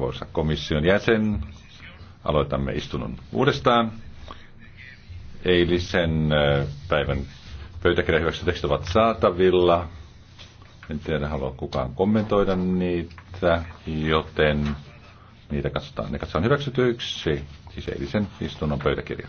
arvoisa komission jäsen. Aloitamme istunnon uudestaan. Eilisen päivän pöytäkirjan hyväksytekstit ovat saatavilla. En tiedä, haluaa kukaan kommentoida niitä, joten niitä katsotaan. Ne katsotaan hyväksytyiksi, siis eilisen istunnon pöytäkirja.